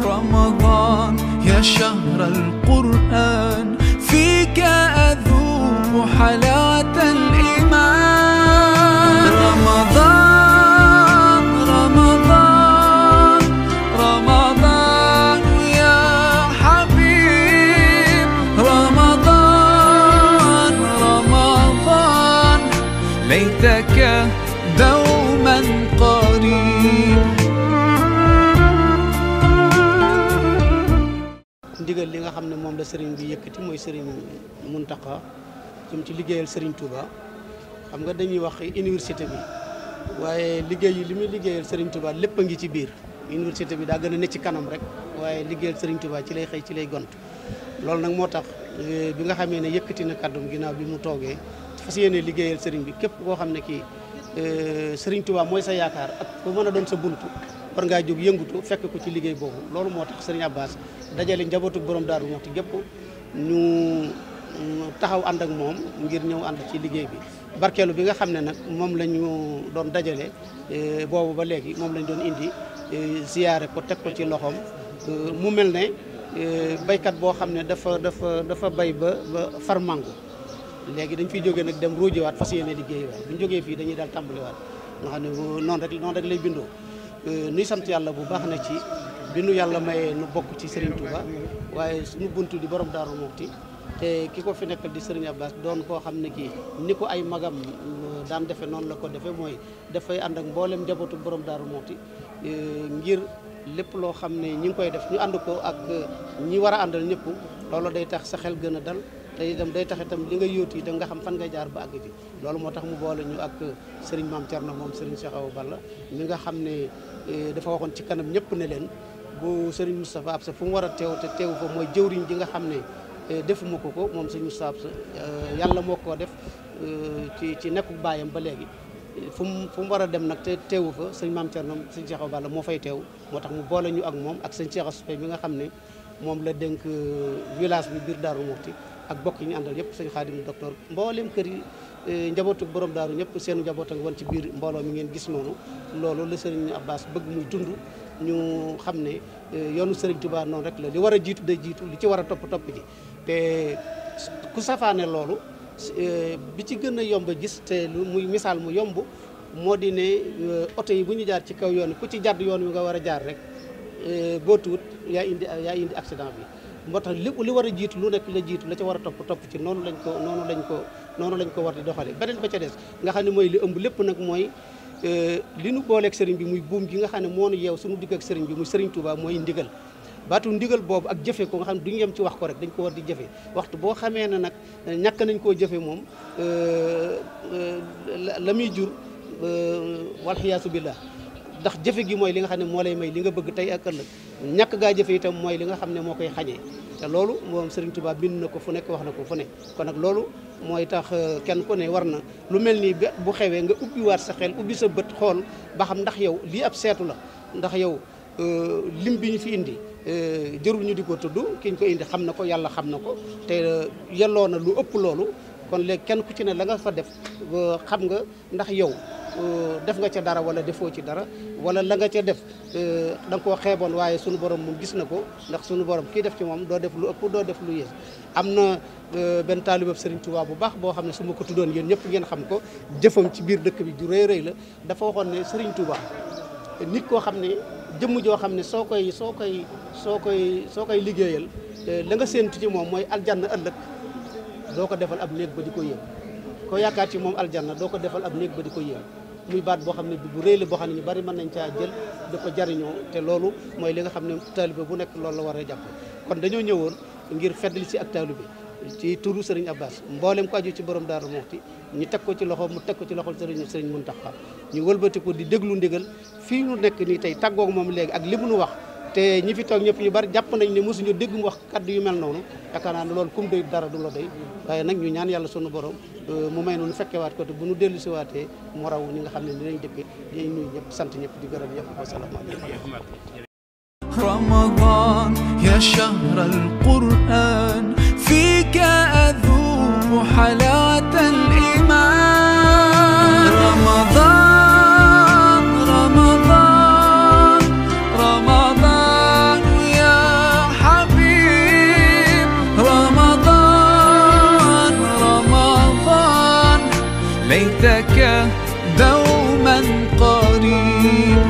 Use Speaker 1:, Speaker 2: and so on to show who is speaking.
Speaker 1: رمضان يا شهر القرآن فيك أذوق حلاوة الإيمان رمضان رمضان رمضان يا حبيب رمضان رمضان ليتك
Speaker 2: دور li nga xam ne moom la sëriñ bi yëkkati mooy sëriñ Muntaqa jëm ci liggéeyal sëriñ Touba xam nga dañuy wax université bi waaye liggéey yi li muy liggéeyal sëriñ Touba lépp a ngi ci biir université bi daa gën a ne ci kanam rek waaye liggéeyal sëriñ Touba ci lay xëy ci lay gont loolu nag moo tax eh, bi nga xamee ne yëkkati na kàddum ginnaaw bi mu toogee fas yéene liggéeyal sëriñ bi képp koo xam ne kii eh, sëriñ Touba mooy sa yaakaar ak ku mën a doon sa buntu war ngaa jóg yëngutu fekk ko ci liggéey boobu loolu moo tax sëriñ Abbas dajale njabootu borom daaru Muxti gépp ñu taxaw ànd ak moom ngir ñëw ànd ci liggéey bi barkeelu bi nga xam ne nag moom la ñu doon dajale eh, boobu ba léegi moom lañ doon indi eh, ziyaare ko teg ko ci loxoom eh, mu mel ne baykat boo xam ne dafa dafa dafa bay ba ba far màngu léegi dañ fiy jógee nag dem ruujewaat fas yéene liggéey waat bu ñu jógee fii dañuy daal tàmbaliwaat nga xam ne noonu rek lay bindoo Euh, nuy sant yàlla bu baax na ci bi nu yàlla mayee nu bokk ci Serigne Touba waaye suñu bunt di borom Daaru Muxti te ki ko fi nekkal di Serigne Abbas doon koo xam ne kii ni ko ay magam euh, daan defe noonu la ko defe mooy dafay ànd ak mboolem njabootu borom Daaru Muxti euh, ngir lépp loo xam ne ñi ngi koy def ñu ànd ko ak ñi war a àndal ñëpp loolu day tax sa xel gën a dal te itam day tax itam li nga yóotu itam nga xam fan nga jaar ba àgg ji loolu moo tax mu boole ñu ak Serigne Mame Thierno moom Serigne Cheikh Awa Balla nga xam ne eh, dafa waxoon ci kanam ñëpp ne leen bu Serigne Moustapha Absa fu mu war a teew te teew fa mooy jëwriñ ji nga xam ne eh, defuma ko ko moom Serigne Moustapha Absa eh, yàlla moo ko def ci ci nekku baayam ba léegi mu fu war a dem nag teewu fa Serigne Mame Thierno Serigne Cheikh moo fay teew moo tax mu boole ñu ak moom ak Serigne Cheikh Assoupé mi nga xam ne moom la dénk village bi biir Darou Mouhty ak bokk yi ñu àndal yëpp sëñ xaadim docteur mbooleem kër yi eh, njabootu borom daaru ñëpp seen njaboot a ngi woon ci biir mbooloo mi ngeen gis noonu loolu la sëriñ Abbas bëgg muy dund ñu xam ne eh, yoonu sëriñ Tuubaa noonu rek la li war a jiitu day jiitu li ci war a topp topp ji te ku safaane loolu eh, bi ci gën a yomb gis te lu muy misaal mu yomb moo di ne oto yi bu ñu jaar ci kaw yoon ku ci jàdd yoon wi nga war a jaar rek boo tuut yaa indi yaa indi accident bi moo tax li li war a jiitu lu nekk la jiitu la ca war a topp topp ci noonu lañ ko noonu lañ ko noonu lañ ko war di doxale beneen ba ca des nga xam ne mooy li ëmb lépp nag mooy euh, li nu booleeg sëriñ bi muy buum gi nga xam ne moo nu yeew suñu digg ak sëriñ bi muy sëriñ Touba mooy ndigal baatu ndigal boobu ak jëfe ko nga xam ne duñu yem ci wax ko rek dañ ko war di jëfe waxtu boo xamee ne nag ñàkk nañ koo jëfe moom euh, euh, la muy jur walxiyaasu billah ndax jëfe gi mooy li nga xam ne moo lay may li nga bëgg tey ak ëllëg ñàkk gaa jëfe itam mooy li nga xam ne moo koy xañee te loolu moom Serigne tubaab bind na ko fu nekk wax na ko fu ne ko nag loolu mooy tax euh, kenn ku war na lu mel nii bu xewee nga ubbi sa xel ubbi sa bët xool ba xam ndax yow lii ab seetu la ndax yow euh, lim bi ñu fi indi euh, jërul ñu di ko tudd kiñ ko indi xam na ko yàlla xam na ko te yelloo na lu ëpp loolu kon léegi kenn ku ci ne la nga fa def xam nga ndax yow Euh, def nga ca dara wala defoo ci dara wala la nga ca def euh, da nga koo xeeboon waaye sunu borom moom gis na ko ndax sunu borom kii def ci moom doo def lu ëpp doo def lu yées am na euh, benn taalibab Serigne Touba bu baax boo xam ne su ma ko tuddoon yéen ñëpp ngeen xam ko jëfam ci biir dëkk bi ju rëy rëy la dafa waxoon ne Serigne Touba nit koo xam ne jëmm joo xam ne soo koy soo koy soo koy soo koy liggéeyal la nga séentu ci moom mooy aljanna ëllëg doo ko defal ab néeg ba di ko yéem yaakaar ci moom aljanna doo ko defal ab néeg ba di ko yéem muy baat boo xam ne bu rëy la boo xam ne ñu bari mën nañ caa jël di ko jariñoo te loolu mooy li nga xam ne taalibe bu nekk loolu la war a jàpp kon dañoo ñëwoon ngir feddali si ak taalibe ci turu Serigne Abbas mboolem ko aju ci borom Daaru Muxti ñu teg ko ci loxo mu teg ko ci loxo loxol Serigne Serigne Mountakha ñu wëlbati ko di déglu ndigal fii ñu nekk nii tey tàggoog moom léegi ak li mu nu wax te ñi fi toog ñëpp ñu bari jàpp nañ ne mosuñu dégg mu wax kaddu yu mel noonu yaakaar naa ne loolu kum doy dara du la doy waaye nag ñu ñaan yàlla sunu borom euh, mu may noonu fekkewaat ko te bu nu dellu si waatee mu raw ñi nga xam ne dinañ dëppee di nuyu ñëpp sant ñëpp di gërëm ñëpp wasalaamaaleykum
Speaker 1: رمضان يا شهر القرآن فيك أذوق حلاوة ليتك دوما قريب